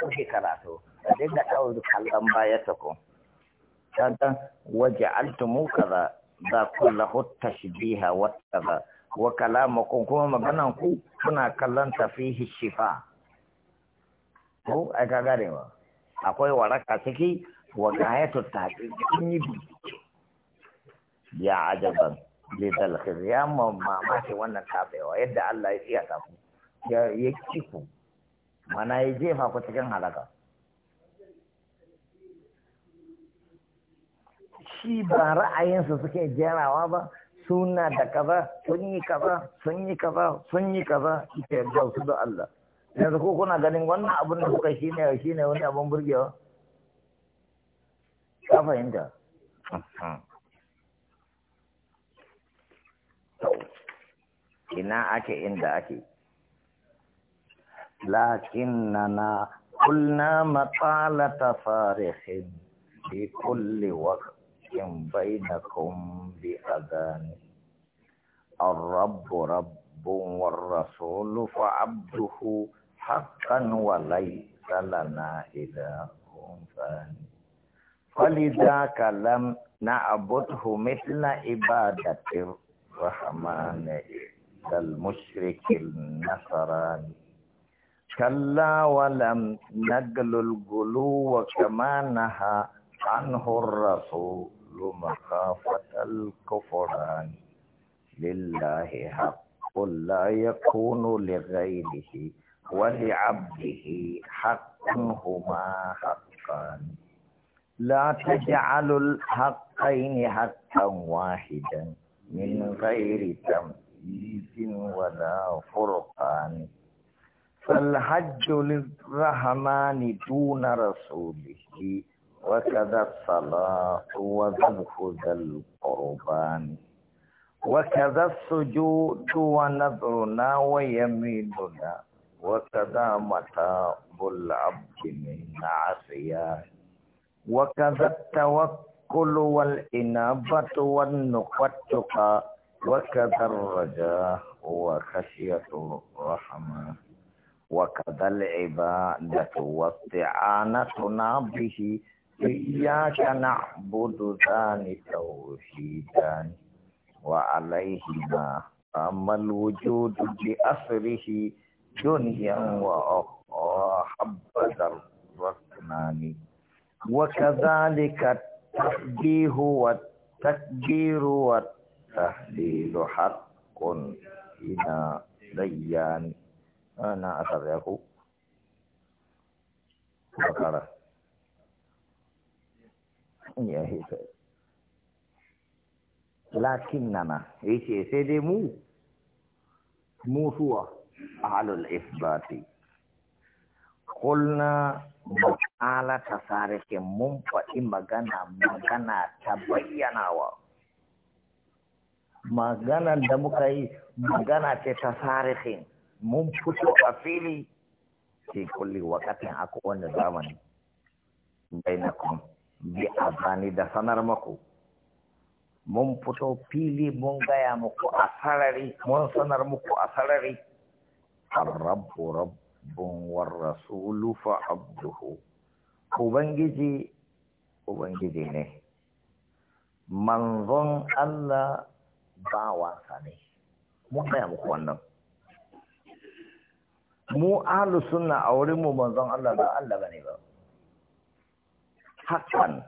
Karfe karatu a dinga ɗaura kallon baya ta ku sannan waje altumu kaza za kulla hutta shibiha wata ba wa kalamakon kuma maganan ku kuna kallon tafihi shifa ko ai ka gane ba akwai waraka ciki wa gayatu tafi kun yi bincike ya ajaban lidal Ya mamaki wannan tafewa yadda Allah ya tsiya ta ku ya ki ku mana ya jefa ku cikin halaka shi ba ra'ayinsa suke jerawa ba suna da kaza sun yi kaza sun yi kaza sun yi kaza suke ba su da Allah yanzu ko kuna ganin wannan abin da ne shi ne wani abin burgewa ka fahimta ina ake inda ake لكننا قلنا مطالة فارخ في كل وقت بينكم بأذان الرب رب والرسول فعبده حقا وليس لنا إله ثاني فلذاك لم نعبده مثل عبادة الرحمن المشرك النصراني كلا ولم نقل الغلو كما نهى عنه الرسول مخافة الكفران لله حق لا يكون لغيره ولعبده حق هما حقان لا تجعل الحقين حقا واحدا من غير تمييز ولا فرق الحج للرحمن دون رسوله وكذا الصلاة وذبح ذا القربان وكذا السجود ونذرنا ويميننا وكذا متاب العبد من عصيان وكذا التوكل والإنابة والنقطة وكذا الرجاء وخشية الرحمن وكذا العبادة واستعانتنا به إياك نعبد ثاني توحيدان وعليهما أما الوجود بأسره دنيا وأخرى حبذا الرحمن وكذلك التسبيح والتكبير والتهليل حق إلى ديان na asar ya ku bakara ya hita lakin nana ya ce sai dai mu mutuwa ahlul isbati kulna Ala ta sarike mun faɗi magana magana ta bayyanawa maganan da muka yi magana ce ta sarihin mun fito a fili sai kulli wakatin a wani zamani bainakum bi azani da sanar maku mun fito fili mun gaya muku a sarari mun sanar muku a sarari rabbu rabbun war rasulu fa abduhu ubangiji ubangiji ne manzon Allah bawansa ne mun gaya muku wannan mu ahlu sunna a wurin mu manzon Allah ba Allah bane ba hakan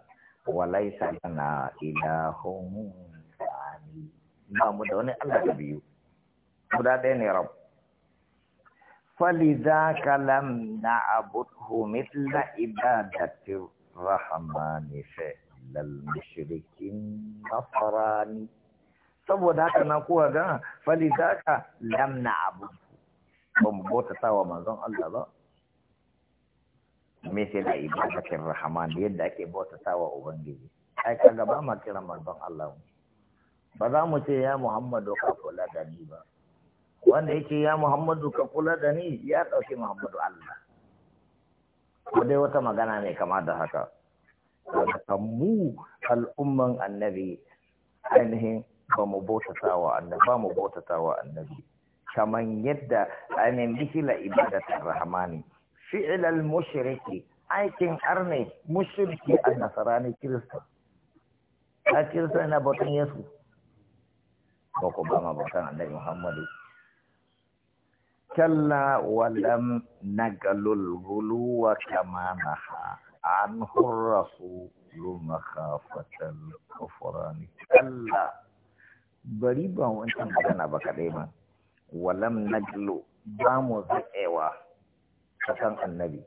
walaisa lana ilahun sani ba mu da wani Allah da biyu guda ɗaya ne rab فلذاك لم mithla ibadati rahmani fa lal mushrikin nasrani saboda haka na kuwa ga falizaka lam na abu ba mu bautata wa manzon Allah ba me sai da ibadatin rahman yadda ake bautata wa ubangiji ai kaga ba ma kira manzon Allah ba za mu ce ya Muhammadu ka kula da ni ba wanda yake ya Muhammadu ka kula da ni ya dauki Muhammadu Allah ko dai wata magana ne kama da haka wanda mu al'umman annabi ainihin ba mu bautata annabi ba mu bautata annabi كمن يدى أن ينجيل لإبادة الرحمن فعل المشرك أيكين أرني مشرك النصراني كريستو أكريستو أنا بطن يسو وقبا ما بطن عند محمد كلا ولم نقل الغلو كما نحا عنه الرسول مخافة الغفران كلا بريبا وانت مدنا بكريمان walam najlu ba mu ta kasan annabi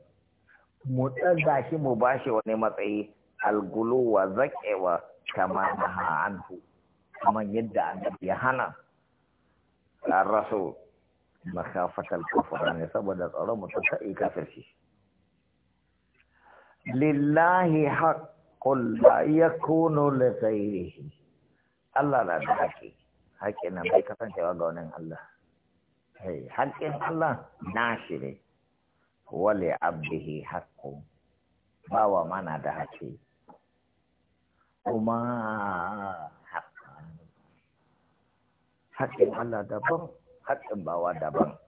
mu ɗaga shi mu bashi wani matsayi algulu wa zaƙewa kama na anhu Kuma yadda annabi ya hana an rasu makafatal kufurani saboda tsaron mutum sa'i kafirci lillahi haqqul la yakunu li Allah na da haƙƙi haƙi bai kasancewa ga wani Allah haƙƙin Allah na shi ne wale abdihi haƙƙo bawa mana da haƙƙi kuma haƙƙin Allah daban haƙƙin bawa daban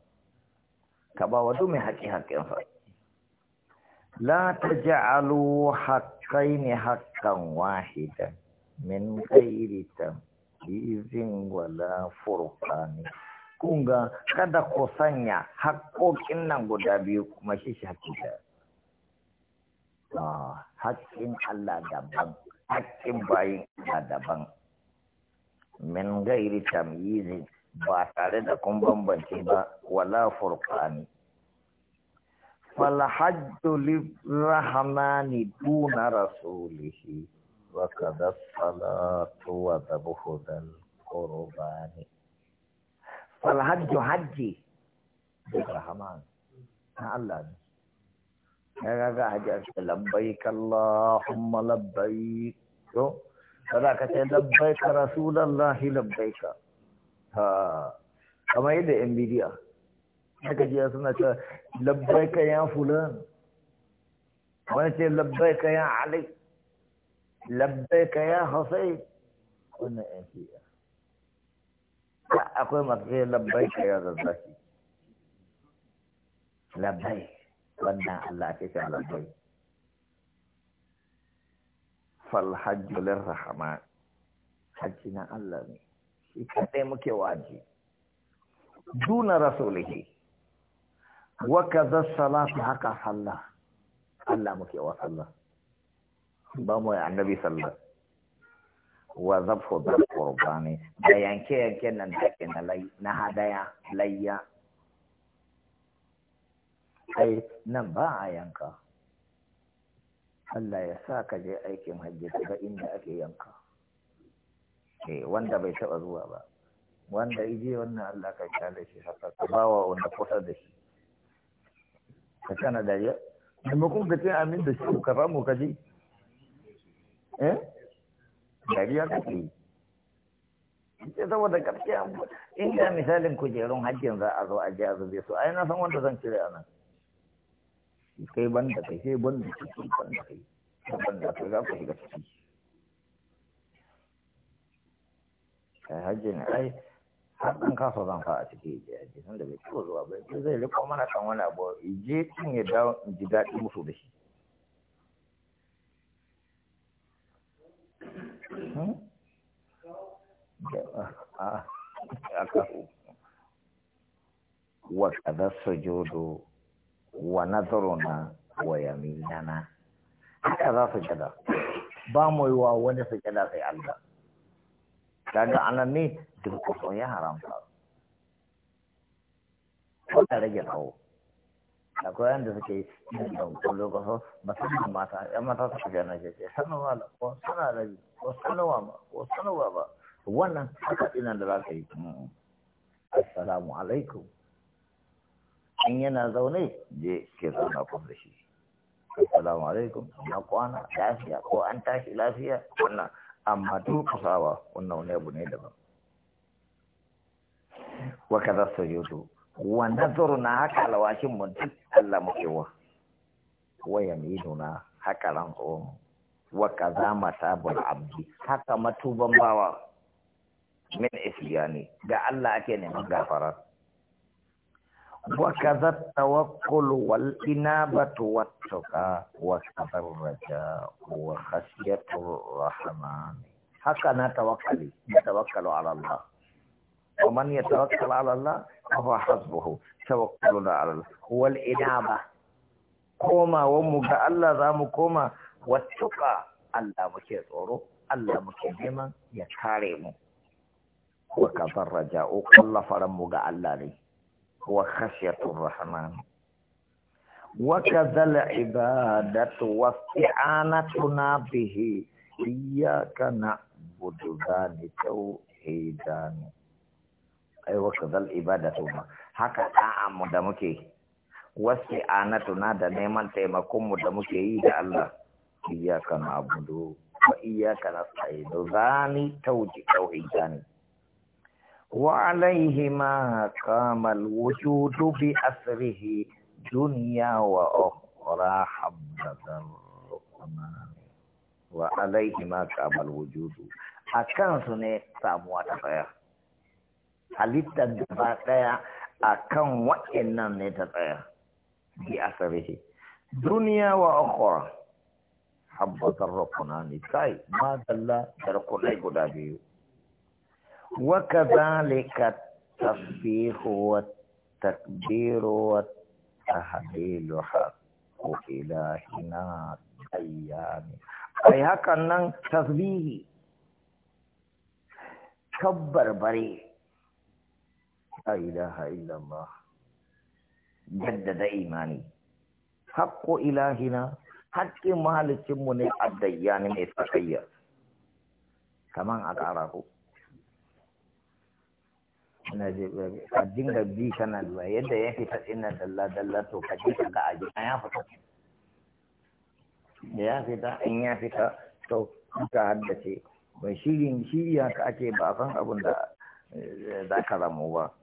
ka bawa wa dumi haƙƙi haƙƙinsa la haƙƙai ne haƙƙan wahidan min ghairi izin wala furqanin kunga kada ku sanya haƙoƙin nan guda biyu kuma shi shi haƙƙi ah, haƙƙin Allah daban haƙƙin bayin Allah daban min gairi tamyizi ba tare da kun bambance ba wala furqani fal hajju lirrahmani duna rasulihi wa kada salatu wa dhabhu dal qurbani فالحج حجي بالرحمن الله ne kaga ga hajji labbaik Allahumma labbaik to kada ka ce labbaik rasulullahi labbaik ha kamar yadda yan bidiya haka jiya suna ce labbaik ya fulan wani ce labbaik ya ali labbaik ya husayn wannan yan bidiya لا أقول ما تقول لبيك يا رزاق لبيك بنا الله كيف لبيك فالحج للرحمن حجنا الله مي دون رسوله وكذا الصلاة حق الله الله مكي وصلى بامو يا النبي صلى الله عليه wa zafo da qurbani da yanke yanke nan take na lai na hadaya layya ai nan ba a yanka Allah ya sa ka je aikin hajji ga inda ake yanka ke eh, wanda bai taba zuwa ba wanda ije wannan Allah ka kyale shi haka ka bawa wanda kusa da shi ka tana da ya maimakon ka ce amin da shi ka mu ka ji eh dariya kake yi sai saboda in ga misalin kujerun hajjin za a zo a ji a zube su ai na san wanda zan cire a nan kai ban da kai sai ban da kai ban da kai ban da kai za ku shiga ciki kai ne ai har ɗan kasa zan fa a ciki ya je nan da bai ko zuwa sai zai riko mana kan wani abu je in ya dawo in ji daɗi musu da shi Hmm? wa kada sujudu wa nazaruna wa yaminana haka za su jada ba mu yi wa wani su jada sai Allah kaga anan ne duk kusan ya haramta ko da rage tsawo akwai yanda suke yi da kullu ko so musamman mata yan mata su shiga na ce sanarwa la ko sana rabi ko sanarwa ba ko sanarwa ba wannan haka ina da za ka yi assalamu alaikum in yana zaune je ke zauna kun da shi assalamu alaikum na kwana lafiya ko an tashi lafiya wannan amma durkusawa wannan wani abu ne daban wa kaza sujudu Zoro na haka alawashin mutum duk Allah muke wa wa yaminuna haka rantsuwan wa kaza masabul abdi haka matuban bawa min isyani ga Allah ake neman gafara wa kaza tawakkul wal wato ka? wa kaza raja wa khashyatu rahama haka na tawakali, na ala Allah ومن يتوكل على الله فهو حسبه توكلنا على الله mu كوما ومغا الله زامو كوما والتقى الله مكي tsoro Allah muke neman ya kare mu wa kafar raja'u kullafaran mu ga Allah ne wa khashyatur rahman wa kadhal na wasti'anatuna bihi iyyaka na'budu dhani tauhidani ka zal ibada to ma haka da'a mu da muke wasi na da neman taimakon mu da muke yi da Allah iyyaka na'budu wa iyyaka nasta'in zani tauji tauhidani wa alayhi ma kamal wujudu bi asrihi dunya wa ukhra habbadan wa alayhi ma kamal wujudu akan su ne samuwa ta tsaya halittar gaba ɗaya a kan waɗannan ne ta tsaya bi asarihi duniya wa akhura habbatar rukuna ne kai madalla da rukunai guda biyu wa kadhalika tasbihu wa takbiru wa tahlilu haqqu ilahina ayyami ai hakan nan tasbihi kabbar bare ilaha illallah jaddada imani haqqu ilahina haƙƙin mu ne ne mai tsakayya kaman a ƙara ku ina je ka dinga bi kana lura yadda ya fi ta ina dalla dalla to ka ji ka aji a ya fita da ya fita in ya fita to ka haddace ba shirin shirya ka ake ba a san abin da eh, za ka ramu ba